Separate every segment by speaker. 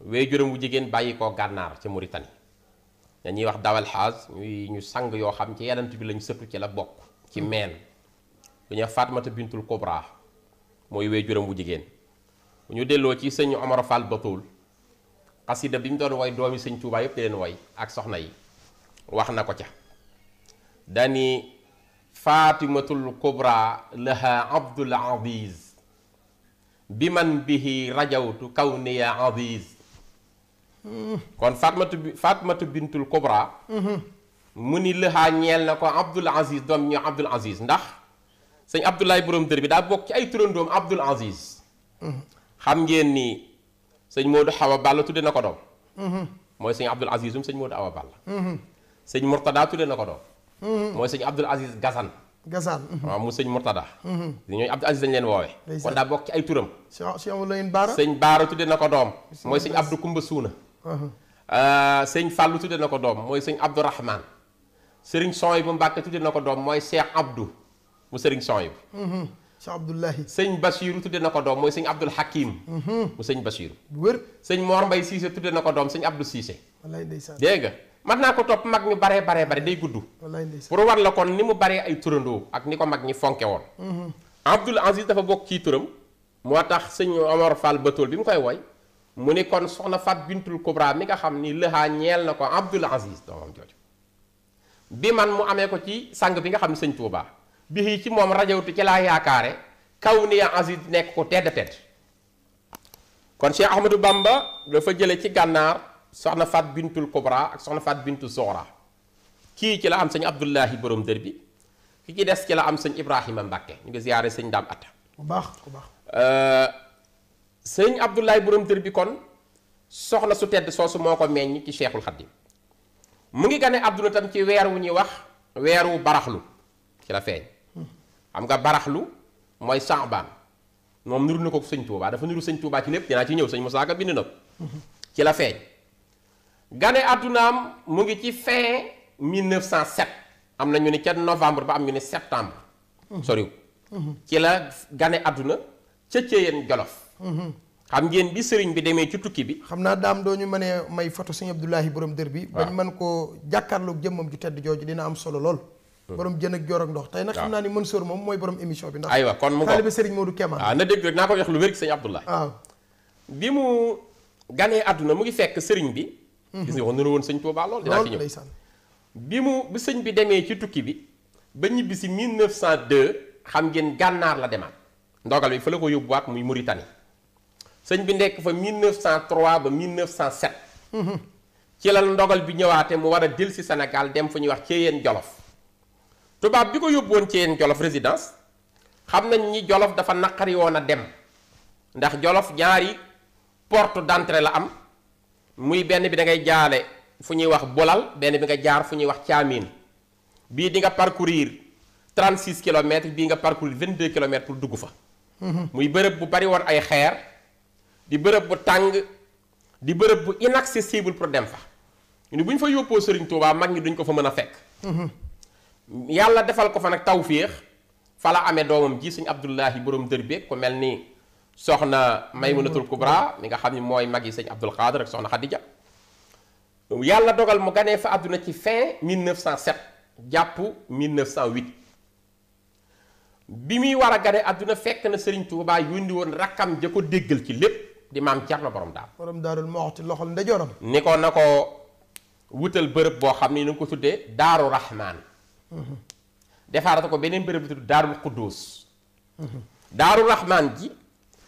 Speaker 1: wéejuram wu jigéen bàyyi koo gànnaar ci Mauritanie dañuy wax dawal xaas ñu sang yoo xam ci yonent bi lañ sëtu ci la bokk ci hmm. meen lu ñuy Fatmata bintul Kubra mooy wéejuram wu jigéen ñu delloo ci sëñ Omar Fall Batoul xasida bi mu doon woy doomi sëñ Tuubaa yëpp di leen woy ak soxna yi wax na ko ca dani fatimatul kubra laha abdul aziz bi man bihi rajawtu kawniya aziz kon Fatmatu bi Fatmatu Bintul Kubra. mu ni lëxaa ñeel na ko Abdul Aziz doom ñu Abdul Aziz ndax sëñ Abdoulaye borom dër bi daa bokk ci ay turandoom Abdul Aziz. xam ngeen ni sëñ Modou Awa Balla tudde na ko doom. mooy sëñ Abdul Aziz um sëñ Modou Awa Balla. sëñ Mourtada tudde na ko doom. mooy sëñ Abdul Aziz Gassane. Gassane. waaw mu sëñ Mourtada. ñooñu Abdul Aziz dañ leen woowee. kon daa bokk ci ay turam. sëñ Baara tudde na ko doom. mooy sëñ Abdou Kumba Suuna. Euh, sëñ Fàllu tudde na ko doom mooy sëñ Abdourahman sëriñ Sooy bu Mbàkke tudde na ko doom mooy Cheikh Abdou mu sëriñ Sooy bu sëñ Abdoulahi sëñ Basiiru tudde na ko doom mooy sëñ Abdul Hakim mhm. mu sëñ Basiiru wér sëñ Mor Mbay Siise tudde na ko doom sëñ Abdou Siise
Speaker 2: wallaay ndeysaan dégg
Speaker 1: nga naa ko topp mag ñu baree baree bare day gudd
Speaker 2: wallaay ndeysaan pour
Speaker 1: war la kon ni mu bare ay turandoo ak ni ko mag ñi fonke woon mhm. Abdul Aziz dafa bokk ci turam moo tax sëñ Omar Fall Batool bi mu koy woy mu ni kon soxna Fat bintul Kubra mi nga xam ni lëhaa ñeel na ko Abdul Aziz doomam jooju bi man mu amee ko ci sang bi nga xam ne sëñ bi bii ci moom rajawtu ci laa yaakaare kaw ni Aziz nekk ko tedd tedd kon Cheikh Ahmadou Bamba dafa jële ci gànnaar soxna Fat bintul Kubra ak soxna Fat bintu Zohra kii ci la am sëñ Abdullahi borom dër bi ki ci des ci la am sëñ Ibrahima Mbacke ñu ngi ziyaare sëñ Daam Atta bu baax bu euh, sëñ Abdoulaye borom dër bi kon soxna su tedd soo su moo ko meññ ci Cheikhul Khadim mu ngi gane àdduna tam ci weer wu ñuy wax weer weeru baraxlu ci la feeñ xam nga baraxlu mooy Saabaan moom nuru na ko sëñ Touba dafa nuru sëñ Touba ci lépp dinaa ci ñëw sëñ Moussa Ka bind na ko ci la feeñ gane àddunaam mu ngi ci fin 1907 am na ñu ni ca novembre ba am ñu ni septembre soriw ci la gane àdduna ca Céyeen Jolof xam ngeen bi sëriñ bi demee ci tukki bi xam naa daam doo ñu mënee may foto sëñ
Speaker 2: Abdoulahi borom dër bi bañ mën koo jàkkaarloog jëmmam ju tedd jooju dina am solo lool hmm. borom jën ak joor ak ndox tey nag xam naa ni Mansour moom bi
Speaker 1: ah, na dégg rek naa ko wax lu wér sëñ Abdoulahi waaw bi mu ganee àdduna mu ngi fekk sëriñ bi hmm. gis nga wax na woon sëñ Touba lool dinaa ci ñëw bi mu bi sëñ bi demee ci tukki bi ba ñibbi si 1902 xam ngeen gànnaar la demaat ndogal bi fa la ko yóbbuwaat muy Mauritanie sëñ bi nekk fa 1903 ba 1907. ci la ndogal bi ñëwaate mu war a dil si senegal dem fu ñuy wax Ceyeen Jolof tubaab bi ko yóbbuwoon Ceyeen Jolof résidence xam nañ ni Jolof dafa naqari woon a dem ndax Jolof ñaari porte d'entrée la am muy benn bi da ngay jaale fu ñuy wax Bolal benn bi nga jaar fu ñuy wax Caamin bii di nga parcourir 36 kilomètres bii nga vingt 22 kilomètres pour dugg fa. muy bërëb bu bari woon ay xeer. di bërëb bu tàng di bërëb bu inaccessible pour dem fa ñu ne bu ñu fa yóbboo Serigne Touba mag ñi duñ ko fa mën a fekk. Mhm. yàlla defal ko fa nag tawféex fa la amee doomam ji suñ Abdullahi borom dër beeg ku mel ni soxna may Maymunatul Kubra mi nga xam ni mooy mag yi sëñ Abdul Xaadir ak soxna Xadija yàlla dogal mu ganee fa àdduna ci fin 1907 jàpp 1908. bi muy war a gane àdduna fekk na Serigne Touba yónni woon rakkam ja ko déggal ci lépp di maam Cerno borom daal.
Speaker 2: borom daarul Muxti loxol ndeyjooram.
Speaker 1: ni ko na ko wutal bërëb boo xam ni nu ko tuddee daaru Rahman. defaarata ko beneen bërëb bu tudd daarul Quddus. daaru Rahman ji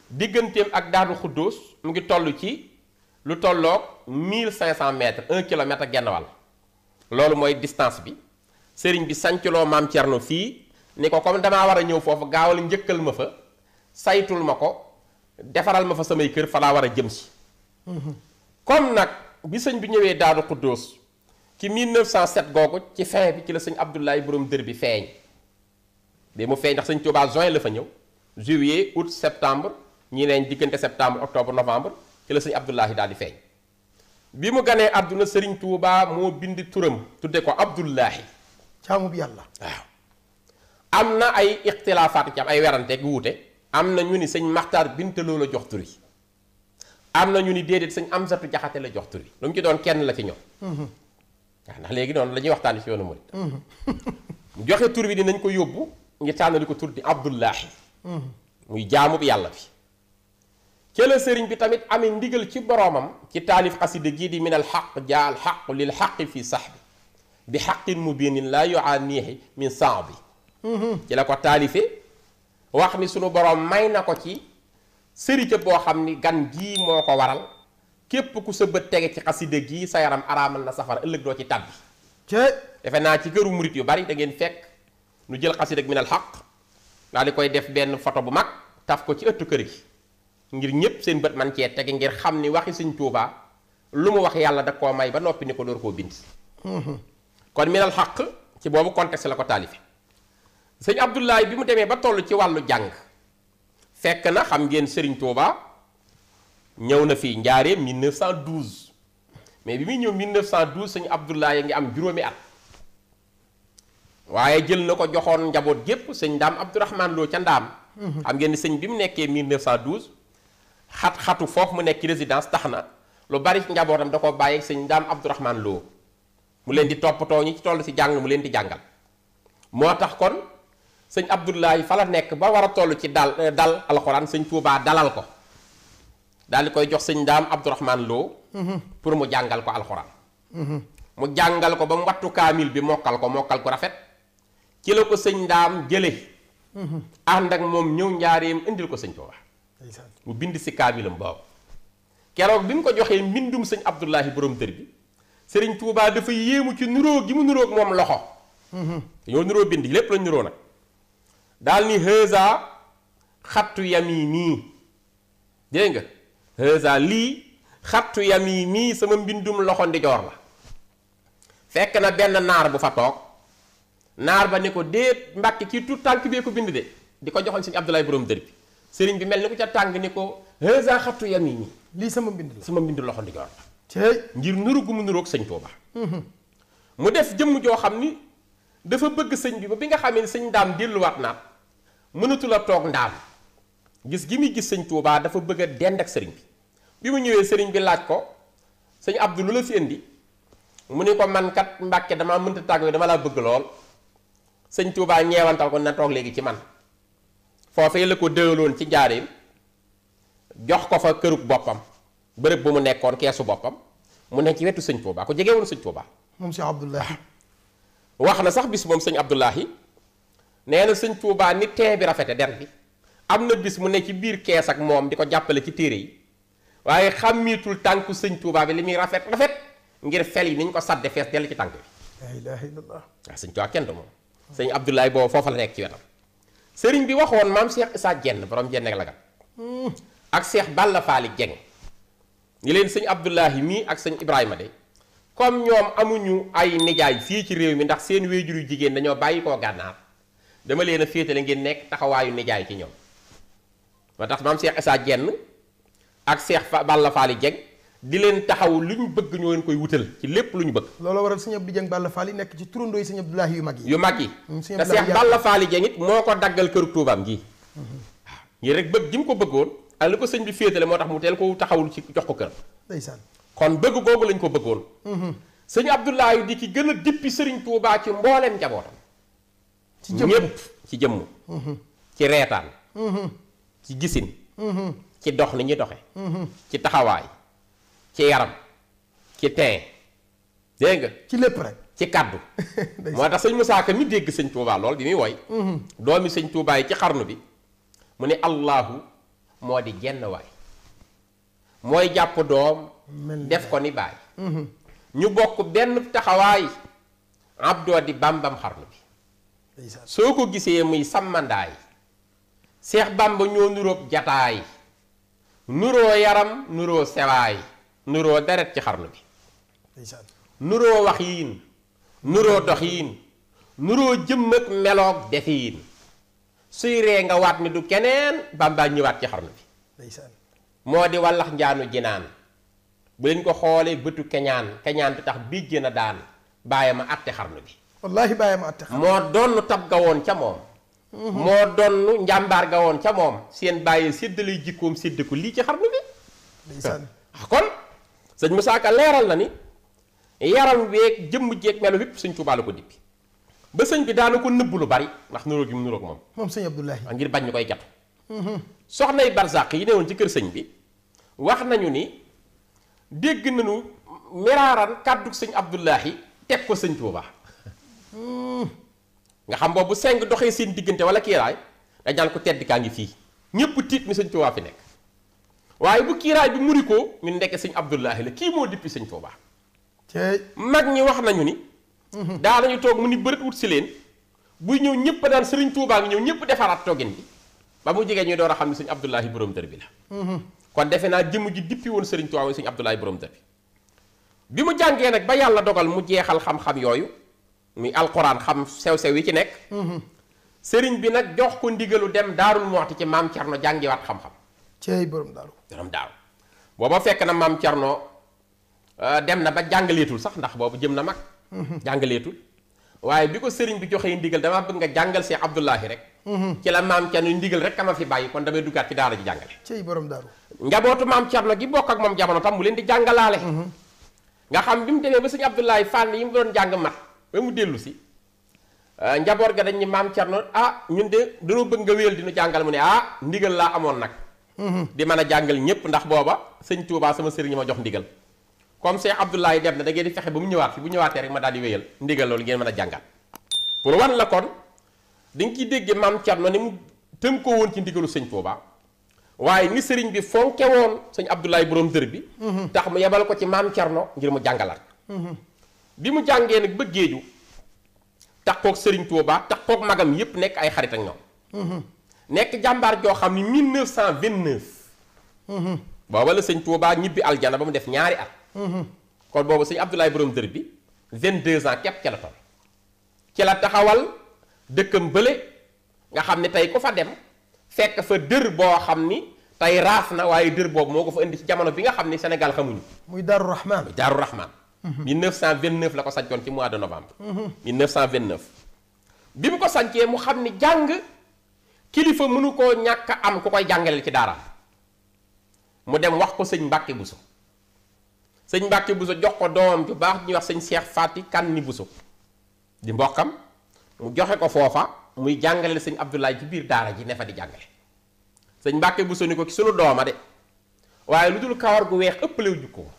Speaker 1: digganteem ak daarul Quddus mu ngi toll ci lu tolloog 1500 mètres 1 kilomètre genn wàll. loolu mooy distance bi sëriñ bi sancloo maam Cerno fii ni ko comme damaa war a ñëw foofu gaawal njëkkal ma fa saytul ma ko. defaral ma fa samay kër fa laa war a jëm si. kon nag bi sëñ bi ñëwee Daaru Xuddoos ci 1907 googu ci fin bi ci la sëñ Abdoulaye borom dër bi feeñ. bi mu feeñ ndax sëñ Touba juin la fa ñëw juillet août septembre ñi leen diggante septembre octobre novembre ci la sëñ Abdoulahi daal di feeñ. bi mu ganee àdduna sëriñ Touba moo bind turam tudde ko Abdoulahi. jaamu bi yàlla waaw. am na ay ixtilaafaat ci am ay werante ak wuute. am na ñu ni sëñ Maxtaar Bintaloo la jox tur yi am na ñu ni déedéet sëñ Amsatu Jaxate la jox tur lu mu ci doon kenn la ci ñoom.
Speaker 3: waaw
Speaker 1: ndax léegi noonu la ñuy waxtaanee ci yoonu murit. mu joxe tur bi dinañ ko yóbbu ngi tànnali ko tur di Abdullahi. muy jaamub yàlla bi. cëla sëriñ bi tamit amee ndigal ci boroomam ci taalif xasida gii di min al xaq jaa al xaq lil xaqi fi sax bi bi xaqin mubinin laa yuaaniihi min saabi mm-hmm. ci la ko taalife wax ni sunu borom may na ko ci sërite boo xam ni gan gii moo ko waral képp ku sa bët tege ci xaside gii sa yaram araamal na safara ëllëg doo ci tàbbi defe naa ci këru murit yu bari da ngeen fekk nu jël xaside minal xaq daal di koy def benn photo bu mag taf ko ci ëtt kër gi ngir ñépp seen bët man cee tege ngir xam ni waxi Sëñ Tuubaa lu mu wax yàlla da koo may ba noppi ni ko door koo bind kon minal xaq ci boobu contexte la ko taalifi sëñ Abdoulaye bi mu demee ba toll ci wàllu jàng fekk na xam ngeen sëriñ Touba ñëw na fii Njaareem 1912 mais bi muy ñëw 1912 sëñ Abdoulaye ngi am juróomi at waaye jël na ko joxoon njaboot gépp sëñ Ndaam Abdourahman Lo ca Ndaam. Mhm. xam ngeen sëñ bi mu nekkee 1912 xat-xatu foofu mu nekk ci résidence tax na lu bari njabootam da ko bàyyi sëñ Ndaam Abdourahman Lo mu leen di toppatoo ñi ci toll si jàng mu leen di jàngal moo tax kon. sëñ Abdoulaye fa la nekk ba war a toll ci dal eh, dal alxuraan sëñ Touba dalal ko daal di koy jox sëñ Daam Abdourahman loo mhm. pour mu jàngal ko alxuraan mhm. mu jàngal ko ba mu wattu kaamil bi mokkal ko mokkal ko rafet ci la ko sëñ Daam jële mhm. ànd ak moom ñëw njaareem indil ko sëñ Touba mu bind si kaamilam boobu keroog bi mu ko joxee mbindum sëñ Abdoulahi borom dër bi sëñ Touba dafa yéemu ci nuroo gi mu nuróog moom loxo ñoo nuróo bind lépp lañ nuroo nag daal ni hëza xattu yamini dégg nga hëza lii xattu nii sama mbindum loxo ndijoor la fekk na benn naar bu fa toog naar ba ni ko déet mbàkki kii tuut tànk bee ko bind de di ko joxoon sëñ Abdoulaye borom dër bi sëriñ bi mel ni ku ca tàng ni ko hëza xattu yamini lii sama mbind sama mbindu loxo ndijoor la ngir nuru gu mu nuroog sëñ Tuuba mm-hmm. mu def jëmm joo xam ni dafa bëgg sëñ bi ba bi nga xamee ni sëñ daam delluwaat naa mënatul a toog ndaam gis gi muy gis sëñ Touba dafa bëgg a dend ak sëriñ bi bi mu ñëwee sëriñ bi laaj ko sëñ Abdou lu la fi indi mu ne ko mankat kat dama damaa mënta tàggoo dama laa bëgg lool sëñ Touba ñeewantal ko na toog léegi ci man foofee la ko dëwaloon ci njaareem jox ko fa kërug boppam bërëb bu mu nekkoon keesu boppam mu nekk ci wetu sëñ Touba ko jege woon sëñ Touba.
Speaker 2: moom sëñ Abdoulahi.
Speaker 1: wax na sax bis moom sëñ Abdoulahi. nee na sëñ Touba ni tee bi rafete der bi am na bis mu ne ci biir kees ak moom di ko jàppale ci téere yi waaye xàmmiitul tànk sëñ Touba bi li muy rafet rafet ngir fel yi ni ñu ko sadde fees dell ci tànk bi. sëñ Touba kenn moom. sëñ Abdoulaye boobu foofa la nekk ci wetam. sëriñ bi waxoon maam Cheikh Issa Dieng boroom Dieng ak Lagat ak Cheikh Balla Faali Dieng ni leen sëñ Abdoulahi mii ak sëñ Ibrahima de comme ñoom amuñu ay nijaay fii ci réew mi ndax seen wéjur yu jigéen dañoo bàyyi koo gànnaar. dama leen a féetale ngeen nekk taxawaayu nijaay ci ñoom ba tax maam Cheikh Issa jenn ak Cheikh Balla Faly jeg di leen taxaw lu ñu bëgg ñoo leen koy wutal ci lépp lu ñu bëgg. looloo waral sëñ Abdou Dieng Balla Faly nekk ci turandoo yi sëñ Abdoulahi yu mag yi. yu mag yi mm, te Cheikh Balla Faly Dieng it moo ko daggal këru Tuubaam gii. Mm-hmm. ñii rek bëgg gi mu ko bëggoon ak li ko sëñ bi féetale moo tax mu teel ko taxawul ci jox ko kër. ndeysaan kon bëgg googu lañ ko bëggoon. Mm-hmm. sëñ Abdoulahi di ki gën a dippi sëriñ Tuubaa ci mbooleem njabootam ci jëmm ci jëmm. Mm-hmm. ci reetaan. Mm-hmm. ci gisin. Mm-hmm. ci dox ni ñuy doxe ci taxawaay. ci yaram. ci teen. dégg nga ci lépp rek. ci kàddu moo tax sëñ Moussa Ka mi dégg sañ Touba lool bi muy woy. doomi sëñ Touba yi ci xarnu bi. mu ne Allahu moo di genn waay. mooy jàpp doom. def ko ni baay. ñu bokk benn taxawaay. abdoo di bambam xarnu bi. soo ko gisee muy sàmmandaay seex bàmba ñoo nuroog jataay nuroo yaram nuroo sewaay nuroo deret ci xarnu bi nuroo wax yiin nuroo dox yiin nuroo jëmm ak meloog defiin suy ree nga waat ni du keneen bàmbaa ñëwaat ci xarnu bi moo di wallax njaanu jinaan bu leen ko xoolee bëtu keñaan keñaan bi tax bijj na daan bàyyi ma àtte xarnu bi wallaahi bàyyam atte moo doon tab ga woon ca moom.
Speaker 3: Mhm. moo
Speaker 1: doon njàmbaar ga woon ca moom. seen bàyyi séddale jikkoom sédd ko lii ci xarnu bi. Ah, kon sëñ Moussa Ka leeral na ni yaram weeg jëmm jeeg melo yëpp sëñ Tuubaa la ko dippi ba sëñ bi daana ko nëbb lu bari ndax nuróo gi mu nuróog moom. sëñ Abdoulaye. Ah, ngir bañ ñu koy jàpp. Mhm. soxnay barzaq yi newoon ci kër sëñ bi wax nañu ni dégg nañu miraaran kàddu sëñ Abdoulaye teg ko sëñ Tuubaa.
Speaker 3: nga
Speaker 1: xam boobu seng doxee seen diggante wala kiiraay dañ naan ko tedd kaa ngi fii ñëpp tiit ni sëñ Tuubaa fi nekk waaye bu kiiraay bi muri ko ñu ndekke sëñ Abdullahi la kii moo dippi sëñ Tuubaa mag ñi wax nañu ni daanañu toog mu ni bërët wut si leen buy ñëw ñëpp daan sëriñ Tuubaa ngi ñëw ñëpp defaraat toggin bi ba mu jegee ñu door a xam ne sëñ Abdullahi borom dër bi la kon defe naa jëmm ji dippi woon sëriñ Tuubaa sëñ Abdullahi borom dër bi mu jàngee nag ba yàlla dogal mu jeexal xam yooyu muy alxuraan xam sew-sew yi ci nekk mhm. sëriñ bi nag jox ko ndigalu dem daarul moxti ci maam Cerno jàngiwaat xam-xam cey borom daaru borom daaru booba fekk na maam Cerno euh, dem na ba jàngaleetul sax ndax boobu jëm na mag mhm. jàngaleetul waaye bi ko sëriñ bi joxee ndigal dama bëgg nga jàngal Cheikh Abdoulahi rek mhm. ci la maam Cerno ndigal rek a fi bàyyi kon damay duggaat ci daara ji jàngale cey borom daaru njabootu maam Cerno gi bokk ak moom jamono tam mu leen di jàngalaale nga xam bi mu demee ba sëñ Abdoulahi fànn yi mu doon jàng mat ba mu dellu si ah, njaboot ga dañ ni maam Cerno ah ñun de dañoo bëgg nga wéyal di jàngal mu ne ah ndigal laa amoon nag. Mhm. di man a jàngal ñëpp ndax booba sëñ Touba sama sëriñ ma jox ndigal. comme Cheikh Abdoulaye dem na da ngeen di fexe ba mu ñëwaat fi bu ñëwaatee rek ma daal di wéyal ndigal loolu ngeen mën a jàngal. pour wan la kon dañ ki déggee maam Cerno ni mu tëm ko woon ci ndigalu sëñ Touba. waaye ni sëriñ bi fonke woon sëñ Abdoulaye borom dër bi. Mhm. tax mu yebal ko ci maam Cerno ngir mu jàngalaat. Mhm. bi mu jàngee nag ba géeju sëriñ Serigne tax takkook magam yépp nekk ay xarit ak ñoom. Mhm. nekk jàmbaar joo xam ni 1929. Mhm. booba la sëñ Touba ñibbi aljana ba mu def ñaari at. Mhm. kon boobu sëñ Abdoulaye Borom Dër bi 22 ans képp ca la ci la taxawal dëkkam bële nga xam ni tey ku fa dem fekk fa dër boo xam ni tey raaf na waaye dër boobu moo ko fa indi ci jamono bi nga xam ni Sénégal xamuñu. muy Darou Rahman muy Darou Rahman. Mhm. vingt 1929 la ko sancoon ci mois de novembre. 1929. bi mu ko sancee mu xam ni jàng kilifa mënu ko ñàkk am ku koy jàngaleel ci daaraam mu dem wax ko sëñ Mbàkke Buso sëñ Mbàkke Buso jox ko doomam ju baax ñuy wax sëñ Cheikh Fati Kanni Buso di mbokkam mu joxe ko foofa muy jàngaleel sëñ Abdoulaye ci biir daara ji ne fa di jàngale sëñ Mbàkke Buso ni ko ki sunu dooma de waaye lu dul kawar gu weex ëpp ëppalewu jukkoo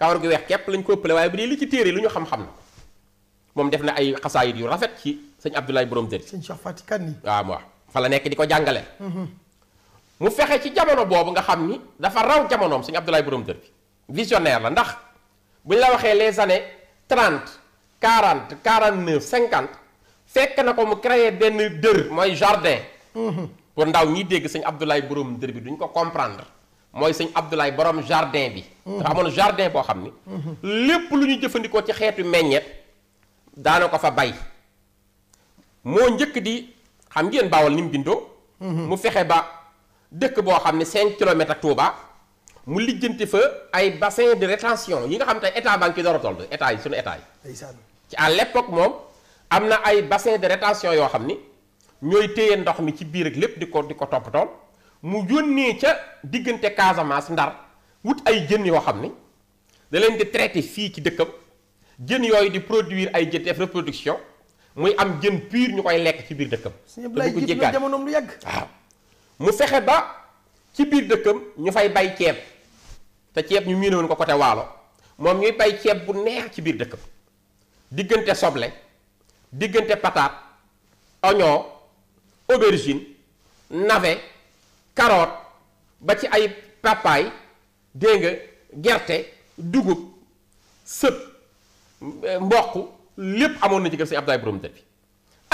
Speaker 1: kawar gu weex képp lañ ko ëppale waaye bu dee li ci téere lu ñu xam-xam na moom def na ay xasaayit yu rafet ci sëñ Abdoulaye Borom Dër. sëñ Cheikh Faty Kani. waaw waaw fa la nekk di ko jàngale. mu fexe ci jamono boobu nga xam ni dafa raw jamonoom sëñ Abdoulaye Borom Dër bi visionnaire la ndax bu ñu la waxee les années trente quarante quarante neuf cinquante fekk na ko mu créé benn dër mooy jardin. pour ndaw ñiy dégg sëñ Abdoulaye Borom Dër bi duñ ko comprendre. mooy sëñ Abdoulaye borom jardin bi. dafa amoon jardin boo xam ni. lépp lu ñuy jëfandikoo ci xeetu meññeet daana ko fa bay moo njëkk di xam ngeen baawal ni mu bindoo. mu fexe ba dëkk boo xam ne 5 kilomètres ak Touba mu lijjanti fa ay bassin de rétention yi nga xam tey état baa ngi ci door a toll état yi sunu état yi. ci à l'époque moom am na ay bassin de rétention yoo xam ni ñooy téye ndox mi ci biir ak lépp di ko di ko toppatool. mu yónnee ca diggante Casamance Ndar wut ay jën yoo xam ni da leen di traité fii ci dëkkam jën yooyu di produire ay jën def reproduction muy am jën piir ñu koy lekk ci biir dëkkam. dañu ko jéggaat jamonoom lu yàgg. waaw fexe ba ci biir dëkkam ñu fay bay ceeb te ceeb ñu miinoon ko côté waalo moom ñuy bay ceeb bu neex ci biir dëkkam diggante soble diggante patate oignon aubergine navet. carotte ba ci ay papaay dégg nga gerte dugub sëb euh, mboq lépp amoon na ci kër Sëñ Abdoulaye Borom Dër bi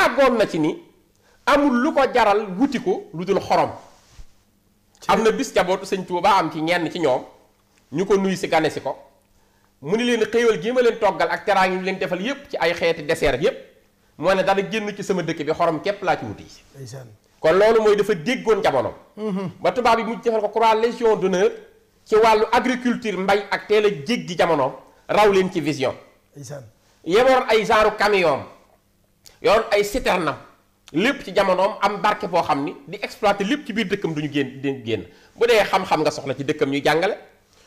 Speaker 1: àggoon na ci ni amul lu ko jaral wuti ko lu dul xorom am na bis jabootu Sëñ Tuubaa am ci ñenn ci ñoom ñu ko nuyu si gane si ko mu ni leen xéewal gi ma leen toggal ak teraangi ñu leen defal yépp ci ay xeeti dessert yépp moo ne dana génn ci sama dëkk bi xorom képp laa ci wuti kon loolu mooy dafa déggoon jamono. Mhm. ba tubaab yi mu defal ko croix légion d'honneur ci wàllu agriculture mbay ak teel a jéggi jamono raw leen ci vision. yeboon ay genre camion yoroon ay na lépp ci jamonoom am barke boo xam ni di exploité lépp ci biir dëkkam duñu génn duñu génn bu dee xam-xam nga soxla ci dëkkam ñu jàngale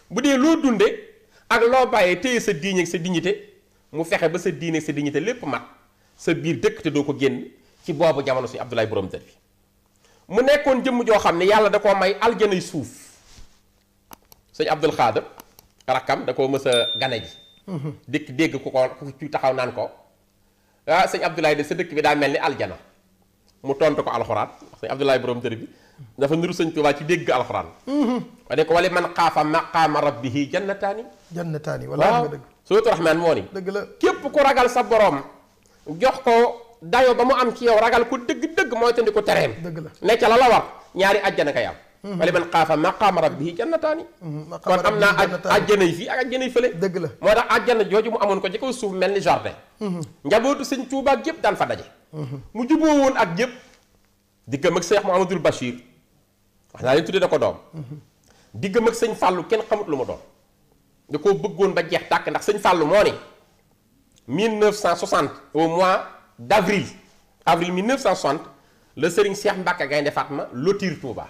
Speaker 1: bu dee loo dundee ak loo bàyyee téye sa diine ak sa dignité mu fexe ba sa diine ak sa dignité lépp mat sa biir dëkk te doo ko génn ci boobu jamono suñu Abdoulaye Borom Dër bi mu nekkoon jëmm joo xam ne yàlla da koo may aljanay suuf sëñ Abdul Xaadir rakkam da ko mës a gane mhm. dégg ku ko ci taxaw naan ko ah sëñ Abdoulaye de sa dëkk bi daa mel ni aljana mu tontu ko alxuraan sëñ Abdoulaye borom tër bi dafa niru sëñ Tuubaa ci dégg alxuraan. ma mhm. ne ko wali man xaafa maqaama rabbihi jannataani.
Speaker 2: jannataani wallaahi nga
Speaker 1: dëgg. suuratu Rahmaan moo ni. képp ku ragal sa borom jox ko. dayo ba mu am ci yow ragal ko dëgg-dëgg mooy tandi ko tereem ne ca la la war ñaari ajjana kay am wali hmm. man xaafa maqaama rabbihi jannataani hmm, kon am naa ajjana yi fii ak ajjana yi fële dëgg la moo tax ajjana jooju mu amoon ko ci kaw suuf mel ni jardin hmm. njabootu sëñ Tuubaa gépp daan fa daje mu juboo woon ak gépp diggam ak Seex Muhammadul Bachir wax naa leen tuddee ko doom diggam ak sëñ Fàllu kenn xamut lu mu doon da koo bëggoon ba jeex tàkk ndax sëñ Fàllu moo ne 1960 au mois d' avril avril 1960 la Serigne Cheikh Mbacke Gaynde Fatma lotir Touba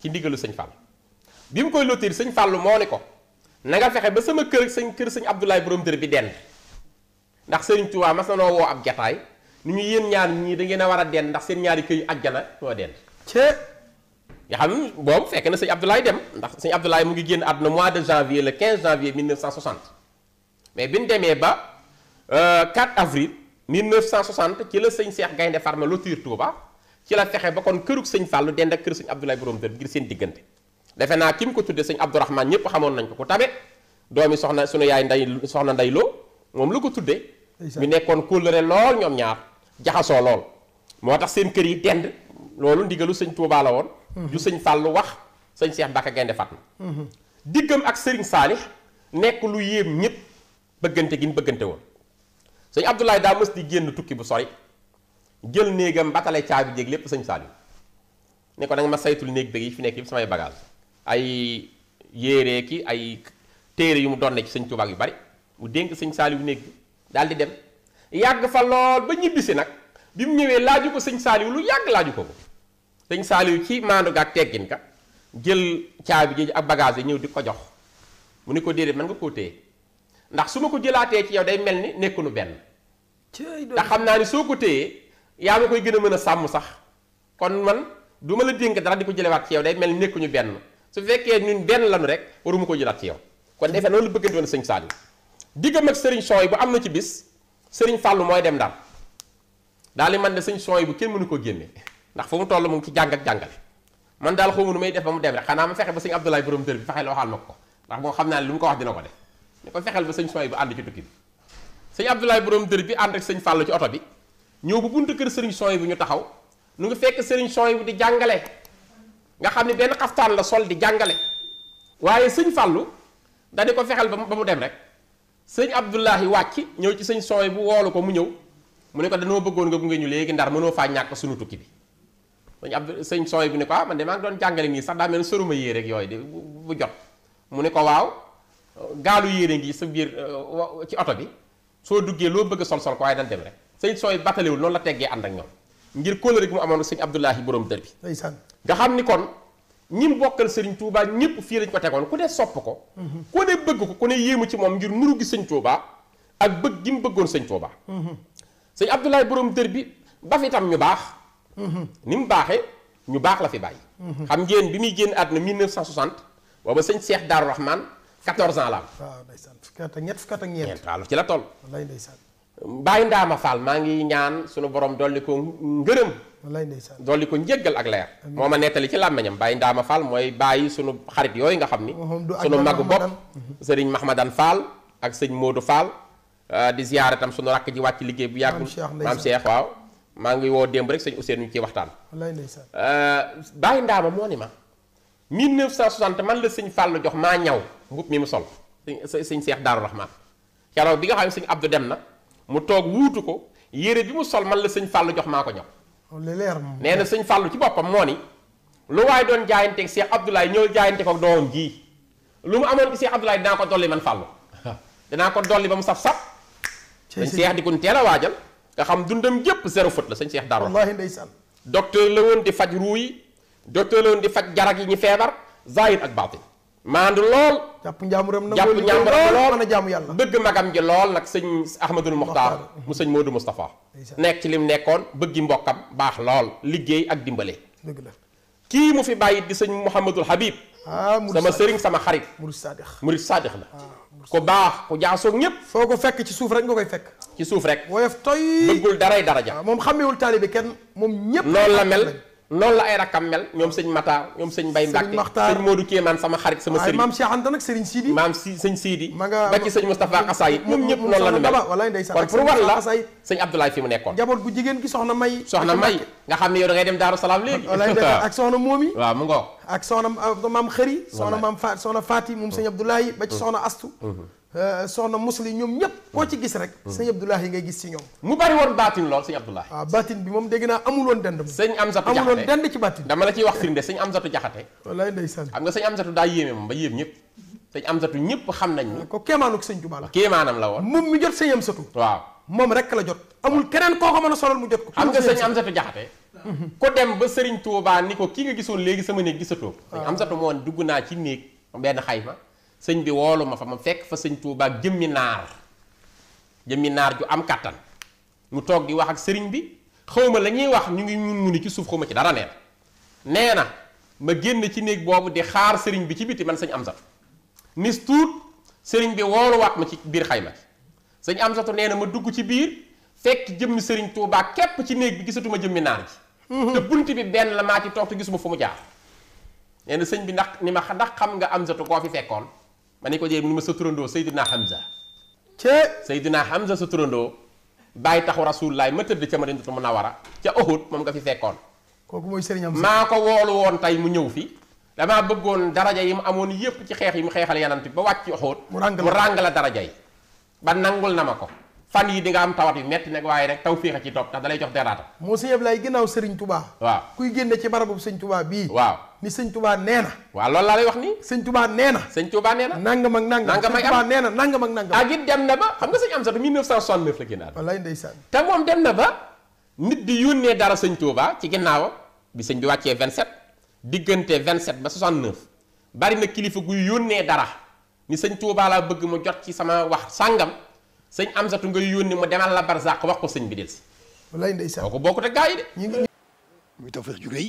Speaker 1: ci ndigalu sëñ Fall bi mu koy lotir sëñ Fall moo ne ko na nga fexe ba sama kër sëñ kër sëñ Abdoulaye Borom Dër bi dend ndax Serigne Touba mas na noo woo ab jataay ni ñu yéen ñaar ñii da ngeen a war a dend ndax seen ñaari kër yu àjjana ñoo dend cee nga xam moom fekk na sëñ Abdoulaye dem ndax sëñ Abdoulaye mu ngi génn àdduna mois de janvier le 15 janvier 1960 mais bi ñu demee ba 4 euh, avril. 1960 ci la sëñ Cheikh Gaynde Fatma lotir Touba ci la fexe ba kon këru sëñ Fallou dend ak kër sëñ Abdoulaye Borom Dër ngir seen diggante defe naa ki mu ko tudde sëñ Abdourahmane ñëpp xamoon nañ ko ku tabe doomi soxna sunu yaay nday soxna nday loo moom lu ko tudde ñu nekkoon kóllëre lool ñoom ñaar jaxasoo lool moo tax seen kër yi dend loolu ndigalu sëñ Touba la woon mhm. ju sëñ Fallou wax sëñ Cheikh Mbacke Gaynde Fatma mhm. diggam ak sëriñ Saalix nekk lu yéem ñëpp bëggante gi bëggante woon sëñ Abdoulaye daa mës di génn tukki bu sori jël néegam batale caabi jéeg lépp sëñ Saliou ne ko nag ma saytul néeg beeg yi fi nekk yëpp samay bagage ay yéere ki ay téere yu mu doon ci sëñ Tuubaa yu bari mu dénk sëñ Saliou néeg bi daal di dem yàgg fa lool ba ñibbisi nag bi mu ñëwee laaju ko sëñ Saliou lu yàgg laaju ko ko sëñ Saliou ci maandu ga ak teggin ka jël caabi ji ak bagage yi ñëw di ko jox mu ne ko déedéet mën nga koo téye ndax su ma ko jëlaatee ci yow day mel ni nekkunu benn te xam naa ni soo ko téyee yaa ma koy gën a mën a sàmm sax kon man du ma la dénk dara di ko jëlewaat ci yaw day mel ni nekkuñu benn su fekkee ñun benn lanu rek waruma ko jëlaat ci yow kon defee loolu la bëggante woon sëñ Saliou diggam ak sëriñ son yi bu am na ci bis sëriñ Fallou mooy dem daal daal di man de sëñ son yi bu kenn mënu koo génne ndax fu mu toll mu ngi ci jàng ak jàngale man daal xawma nu may def ba mu dem rek xanaa ma fexe ba sëñ Abdoulaye borom dër bi fexe la waxal ma ko ndax boo xam naa ne lu mu dina ko def ne ko fexeel ba sëñ Souhaïbou bu ànd ci tukki bi sëñ Abdoulaye borom dër bi ànd ak sëñ Fallou ci oto bi ñëw bu buntu kër sëriñ Souhaïbou bu ñu taxaw nu ngi fekk sëriñ Souhaïbou bu di jàngale nga xam ne benn xaftaan la sol di jàngale waaye sëñ Fallou da di ko fexeel ba mu dem rek sëñ Abdoulaye wàcc ñëw ci sëñ Souhaïbou bu woolu ko mu ñëw mu ne ko danoo bëggoon nga gunge ñu léegi ndar mënoo faa ñàkk suñu tukki bi sëñ Abdou sëñ Souhaïbou bu ne ko ah, man de doon jàngale nii sax daa mel soruma rek yooyu de bu jot mu ne ko waaw gaalu yére ngi sa biir euh, ci oto bi soo duggee loo bëgg sol sol ko waaye dan dem rek sëñ sooy battalewul noonu la teggee ànd ak ñoom ngir kóllëre gi mu amoon sëñ Abdoulahi borom dër bi nga xam ni kon mu bokkal sëriñ Touba ñëpp fii lañ ko tegoon ku ne sopp ko mhm. ku bëgg ko ku ne yéemu ci moom ngir nuru gi sëñ Touba ak bëgg gi mu bëggoon sëñ Touba mhm. sëñ Abdoulahi borom dër bi ba fi tam ñu baax mhm. ni mu baaxee ñu baax la fi bàyyi xam ngeen bi muy génn àdduna 1960 booba sëñ Cheikh Darou Rahman 14 ans la am.
Speaker 2: waaw
Speaker 1: ñett fukki at ci la toll. wallaay ndeysaan. Baye Ndama Fall maa ngi ñaan sunu borom dolli ko ngërëm. wallaay ndeysaan dolli ko njëggal ak leer. moo ma nettali ci làmmeñam Baye Ndama Fall mooy bàyyi sunu xarit yooyu nga xam ni. sunu magu bopp sëriñ Mahmadan faal ak sëñ Modou Fall. Ah, di ziyaare tam sunu rakk ji wàcc liggéey bu yàggul maam Cheikh waaw. maa ngi woo démb rek sëñ Ousseynou ñu ci waxtaan. wallaay ndeysaan. Ah, Baye Ndama moo ni ma. 1960 man la sëñ Fall jox maa ñaw. mbub mi mu sol sëñ sëñ seex daaru rahmaan keroog bi nga xam ne sëñ abdu dem na mu toog wuutu ko yére bi mu sol man la sëñ fàllu jox maa ko ñox oh,
Speaker 2: nee
Speaker 1: na sëñ fàllu ci boppam moo ni lu waaye doon jaayanteeg seex abdoulaye ñëw jaayante ko doomam jii lu mu amoon ci seex abdoulaye dinaa ko dolli man fàllu dinaa ko dolli ba mu saf-saf sëñ seex di ko teel nga xam dundam yépp zéro faute la sëñ seex daaru wallaahi ndeysaan docteur la woon di faj ruu yi docteur la woon di faj jarag yi ñu feebar zahir ak baatin maandu lool. jàpp njàmburam na jàpp njàmburam lool mën a jaamu yàlla bëgg magam ji lool nag sëñ Ahmadul Muxtaar mu sëñ Modou Moustapha nekk ci lim nekkoon bëggi mbokkam baax lool liggéey ak dimbale dëgg la kii mu fi bàyyi di sëñ Mouhamadul Habib ah, sama sëriñ sama xarit murid saadix murid saadix la ah, ku baax ku jaasoog ñëpp foo ko fekk ci suuf rek nga koy fekk ci suuf rek woyof toy bëggul daray daraja ah, moom xàmmewul taalibe kenn moom ñëpp loolu la mel noonu la ay rakkam mel ñoom sëñ Matar ñoom sëñ Mbay Mbàkke sëñ Modou Kéemaan sama xarit sama sëriñ maam Cheikh Anta nag si sëñ Sidi ma nga ba ci sëñ Moustapha Xasaay ñoom ñëpp noonu la ñu mel kon pour war la sëñ Abdoulaye fi mu nekkoon jaboot gu jigéen gi soxna May soxna May nga xam ne yow da ngay dem Daaru Salaam léegi ak soxna Moomi waaw mu ngoo ak
Speaker 2: soxna maam Xëri soxna Faati moom sëñ Abdoulaye ba ci mm. soxna Astu mm-hmm. Euh, soxna musli ñoom
Speaker 1: ñëpp koo ci gis rek mm. sëñ yi ngay gis ci ñoom mu bari woon baatin lool sëñ Abdoulahi ah, waaw baatin bi moom dégg naa amul woon dend sëñ Amsatu amul woon dend ci baatin dama la wax firnde sëñ Amsatu jaxate wallaay ndeysaan xam nga sëñ Amsatu daa yéeme moom ba yéem ñëpp sëñ Amsatu ñëpp xam nañ ni ko kéemaanuk sëñ Tuubaa la kéemaanam la woon moom mi jot sëñ Amsatu waaw moom rek la jot amul keneen koo ko mën a solal mu jot ko xam nga sëñ Amsatu jaxate ko dem ba sëriñ Tuubaa ni ko kii nga gisoon léegi sama néeg gisatoo ah. sëñ Amsatu moo dugg naa ci néeg benn xayma sëñ bi woolu ma fa ma fekk fa sëñ Touba jëmmi naar jëmmi naar ju am kàttan mu toog di wax ak sëriñ bi xawma la ñuy wax ñu ngi mun muni ci suuf ma ci dara nee na nee na ma génn ci néeg boobu di xaar sëriñ bi ci biti man sëñ Amsatu nis tuut sëriñ bi wooluwaat ma ci biir xayma sëñ Amsatu nee na ma dugg ci biir fekk jëmmi sëriñ Touba képp ci néeg bi gisatuma jëmmi naar ji te bunt bi benn la maa ci toog te gisuma fu mu jaar nee sëñ bi ndax ni ma ndax xam nga Amsatu koo fi fekkoon ma ne ko jëy mu ni ma sa turandoo Seydina Hamza cee Seydina Hamza sa turandoo bàyyi taxu rasulullaay ma tëdd ca a Munawara ca Uhud moom nga fi fekkoon
Speaker 2: kooku mooy sëriñ maa
Speaker 1: ko woolu woon tey mu ñëw fi damaa bëggoon daraja yi mu amoon yépp ci xeex yi mu xeexal yanant bi ba wàcc Uhud mu ràng la daraja yi ba nangul na ma ko fan yi di nga am tawat yu metti nag waaye rek taw féex ci topp ndax dalay jox deraata moo sëñ Ablaye
Speaker 2: ginnaaw sëriñ Touba waaw kuy génne ci barabu sëñ Touba bii waaw ni sëñ Touba nee na. waaw loolu laa lay
Speaker 1: wax nii. sëñ Touba nee na. sëñ Touba nee na. nangam ak nangam nangam ak nee na nangam ak nangam. ak it dem na ba xam nga sëñ Amsatu 1969 la génnaat. wallaay te moom dem na ba nit di yónnee dara sëñ Touba ci ginnaawam bi sëñ bi wàccee 27 diggante 27 ba 69 bari na kilifa guy yónnee dara ni sëñ Touba laa bëgg mu jot ci sama wax sàngam sëñ Amsatu ngay yónnee mu demal la barzaq wax ko sëñ bi delsi. wallaay ndeysaan ko bokkut ak gaa yi de. muy tawfeex ju rëy